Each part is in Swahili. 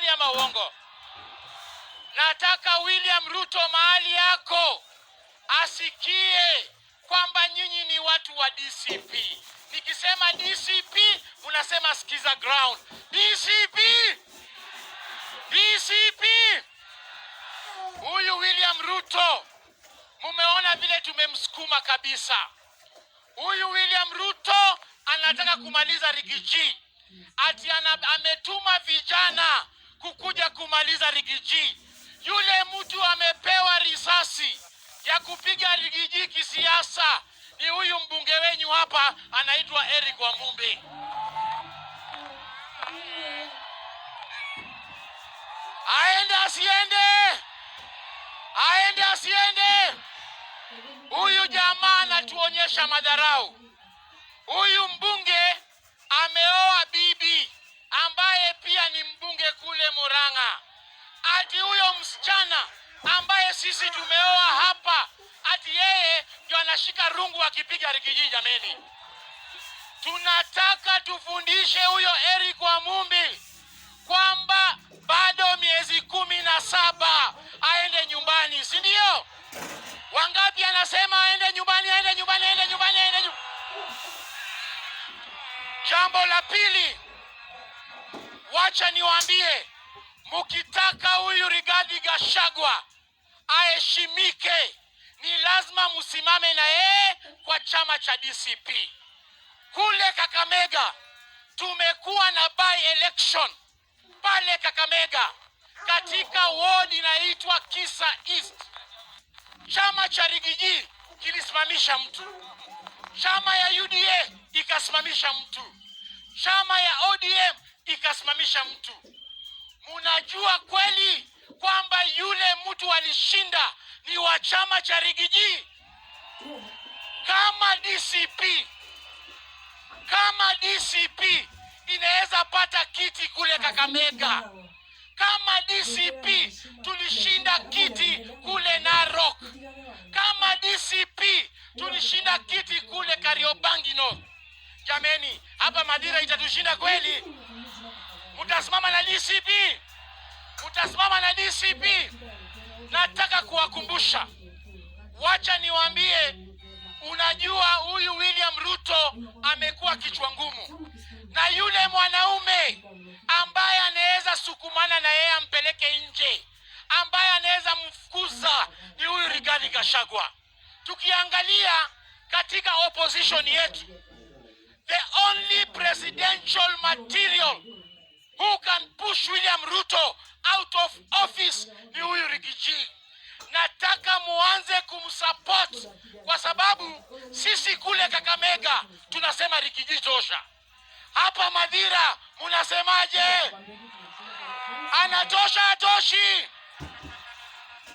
Kweli ama uongo? Nataka William Ruto mahali yako asikie kwamba nyinyi ni watu wa DCP. Nikisema DCP unasema sikiza ground. DCP, DCP. Huyu William Ruto mumeona vile tumemsukuma kabisa. Huyu William Ruto anataka kumaliza Rigiji, ati ametuma vijana kukuja kumaliza rigiji. Yule mtu amepewa risasi ya kupiga rigiji kisiasa ni huyu mbunge wenyu hapa, anaitwa Eric Wamumbe. Aende asiende, aende asiende. Huyu jamaa anatuonyesha madharau. Huyu mbunge ameoa bibi ambaye pia ni mbunge kule Murang'a, ati huyo msichana ambaye sisi tumeoa hapa, ati yeye ndio anashika rungu akipiga rikijiji. Jameni, tunataka tufundishe huyo Eric Wamumbi kwamba bado miezi kumi na saba aende nyumbani, si ndio? Wangapi anasema aende nyumbani, aende nyumbani, aende nyumbani, aende nyumbani. Jambo la pili Wacha niwaambie, mkitaka huyu Rigathi Gachagua aheshimike, ni lazima msimame na yeye kwa chama cha DCP. Kule Kakamega tumekuwa na by election pale Kakamega katika ward inaitwa Kisa East. Chama cha Rigiji kilisimamisha mtu, chama ya UDA ikasimamisha mtu, chama ya ODM ikasimamisha mtu. Munajua kweli kwamba yule mtu alishinda ni wa chama cha Rigiji? Kama DCP, kama DCP inaweza pata kiti kule Kakamega, kama DCP tulishinda kiti kule Narok, kama DCP tulishinda kiti kule Kariobangi. jameni, hapa Madira itatushinda kweli? Utasimama na DCP? Utasimama na DCP? Nataka kuwakumbusha, wacha niwaambie, unajua huyu William Ruto amekuwa kichwa ngumu, na yule mwanaume ambaye anaweza sukumana na yeye ampeleke nje, ambaye anaweza mfukuza ni huyu Rigathi Gachagua. Tukiangalia katika opposition yetu, the only presidential material who can push William Ruto out of office ni huyu Rigiji. Nataka muanze kumsupport kwa sababu sisi kule Kakamega tunasema Rigiji tosha. Hapa Madhira munasemaje? Anatosha atoshi?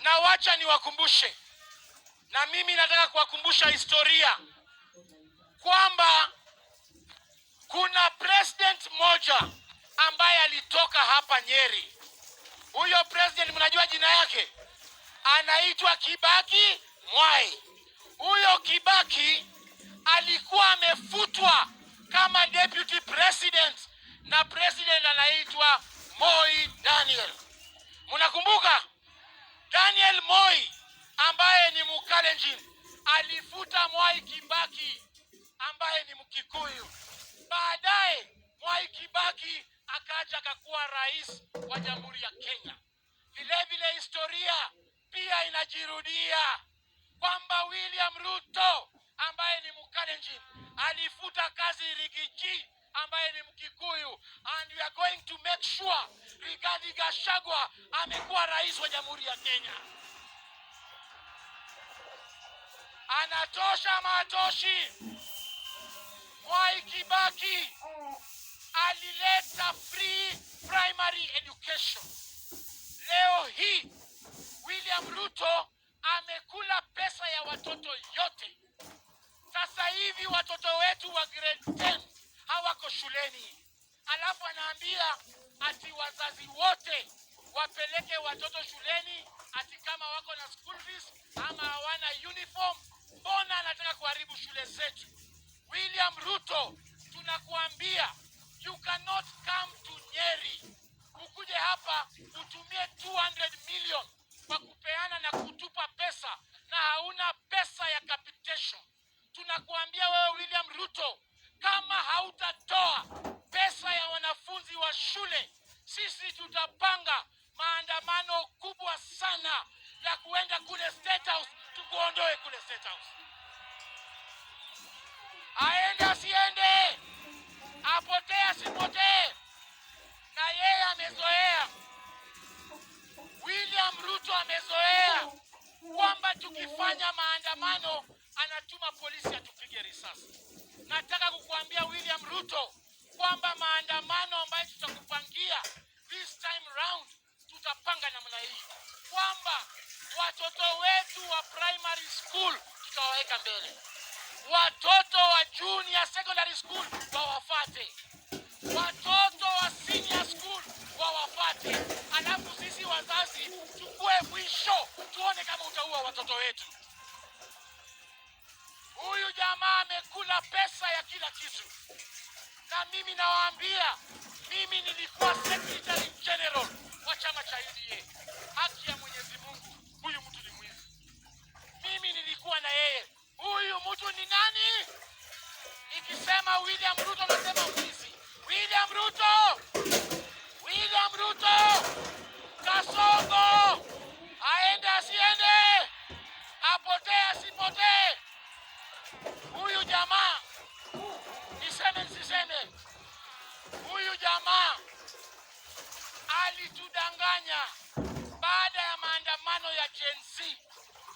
Na wacha niwakumbushe, na mimi nataka kuwakumbusha historia kwamba kuna president moja ambaye alitoka hapa Nyeri, huyo president mnajua jina yake, anaitwa Kibaki Mwai. Huyo Kibaki alikuwa amefutwa kama deputy president na president anaitwa Moi Daniel. Mnakumbuka Daniel Moi ambaye ni Mkalenjin alifuta Mwai Kibaki ambaye ni Mkikuyu. Baadaye Mwai Kibaki akaja akakuwa rais wa jamhuri ya Kenya. Vilevile vile historia pia inajirudia kwamba William Ruto ambaye ni Mkalenjin alifuta kazi Rigiji ambaye ni Mkikuyu, and we are going to make sure Rigathi Gachagua amekuwa rais wa jamhuri ya Kenya. Anatosha matoshi. Mwai Kibaki alileta free primary education. Leo hii William Ruto amekula pesa ya watoto yote. Sasa hivi watoto wetu wa grade 10 hawako shuleni, alafu anaambia ati wazazi wote wapeleke watoto shuleni ati kama wako na school fees ama hawana uniform. Mbona anataka kuharibu shule zetu? William Ruto, tunakuambia You cannot come to Nyeri ukuje hapa utumie 200 million kwa kupeana na kutupa pesa na hauna pesa ya capitation. Tunakuambia wewe William Ruto amezoea kwamba tukifanya maandamano anatuma polisi atupige risasi. Nataka kukuambia William Ruto kwamba maandamano ambayo tutakupangia this time round, tutapanga namna hii kwamba watoto wetu wa primary school tutawaweka mbele, watoto wa junior secondary school wawafate, watoto wa senior school wawafate wazazi, tukue mwisho, tuone kama utaua watoto wetu. Huyu jamaa amekula pesa ya kila kitu, na mimi nawaambia, mimi nilikuwa secretary general wa chama cha UDA. E Haki ya Mwenyezi Mungu, huyu mtu ni mwizi. Mimi nilikuwa na yeye. Huyu mtu ni nani? Nikisema William Ruto nasema mwizi. William Ruto, William Ruto. Kasongo aende asiende, apotee asipotee, huyu jamaa niseme nisiseme, huyu jamaa alitudanganya baada ya maandamano ya Gen Z,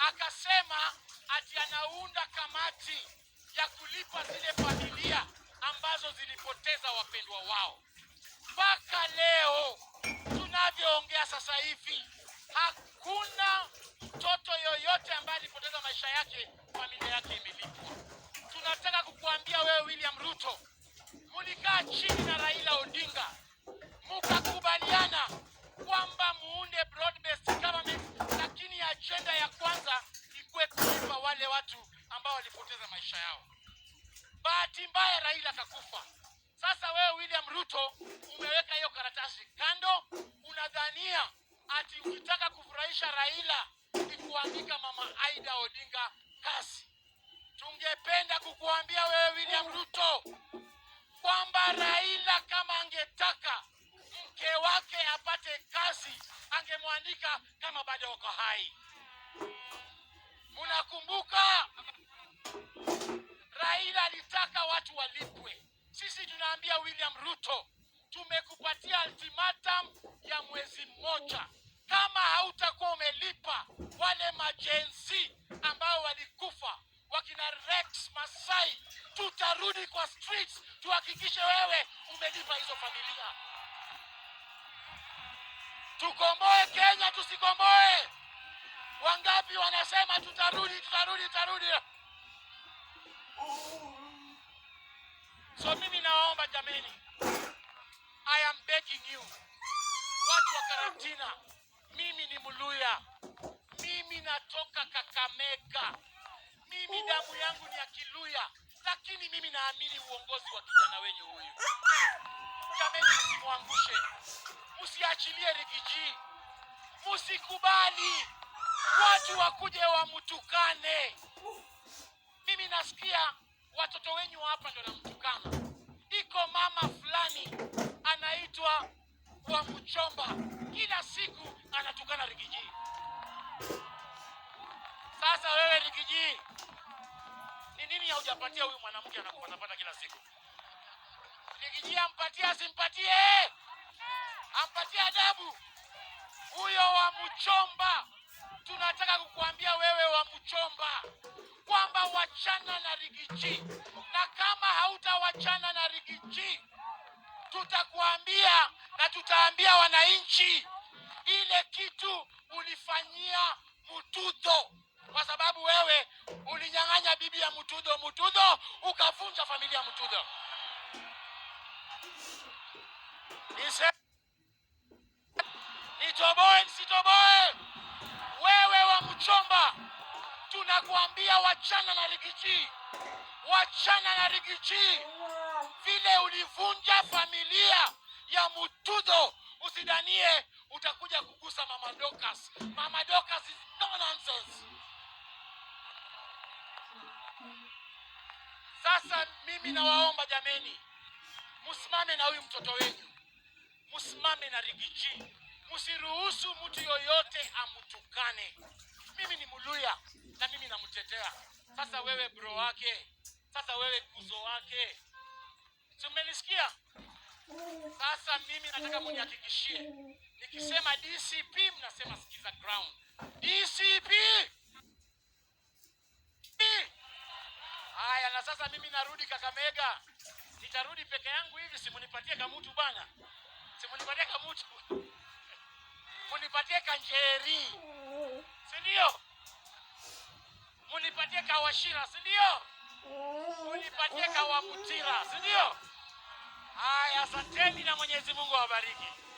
akasema ati anaunda kamati ya kulipa zile familia ambazo zilipoteza wapendwa wao mpaka leo ninavyoongea sasa hivi hakuna mtoto yoyote ambaye alipoteza maisha yake, familia yake imelipwa. Tunataka kukuambia wewe William Ruto, mulikaa chini na Raila Odinga kumshika mama Aida Odinga kasi. Tungependa kukuambia wewe William Ruto kwamba Raila kama angetaka mke wake apate kazi angemwandika kama bado wako hai. Munakumbuka Raila alitaka watu walipwe. Sisi tunaambia William Ruto, tumekupatia ultimatum ya mwezi mmoja kama hautakuwa umelipa wale majenzi ambao walikufa wakina Rex Masai, tutarudi kwa streets tuhakikishe wewe umelipa hizo familia. Tukomboe Kenya, tusikomboe. Wangapi wanasema tutarudi, tutarudi, tutarudi? So mimi nawaomba jameni, I am begging you, watu wa karantina mimi ni Mluya, mimi natoka Kakamega, mimi damu yangu ni ya Kiluya, lakini mimi naamini uongozi wa kijana wenyu huyu. Jameni, msimwangushe, msiachilie Rigiji, msikubali watu wakuje wamtukane. Mimi nasikia watoto wenyu hapa ndio namtukana, iko mama fulani ampatie asimpatie? Ampatie adabu huyo wa Mchomba. Tunataka kukuambia wewe wa Mchomba kwamba wachana na Rigiji, na kama hautawachana na Rigiji tutakuambia na tutaambia wananchi ile kitu ulifanyia Mutudho, kwa sababu wewe ulinyang'anya bibi ya Mutudho, Mutudho ukavunja familia ya Mutudho. Nitoboe msitoboe, wewe wa Mchomba, tunakuambia wachana na Rigiji, wachana na Rigiji, vile ulivunja familia ya Mutudho, usidanie utakuja kugusa mama Dokas. Mama Dokas is no nonsense. Sasa mimi nawaomba jameni msimame na huyu mtoto wenu, msimame na Rigiji, msiruhusu mtu yoyote amtukane. Mimi ni Muluya na mimi namtetea. Sasa wewe bro wake, sasa wewe kuzo wake, tumenisikia sasa. Mimi nataka munihakikishie nikisema DCP mnasema sikiza ground. DCP haya, na sasa mimi narudi Kakamega nitarudi peke yangu hivi, simunipatie kamutu bana, simunipatie kamutu, munipatie kanjeri, si ndio? Munipatie kawashira, si ndio? Munipatie kawabutira, si ndio? Haya, asanteni na Mwenyezi Mungu awabariki.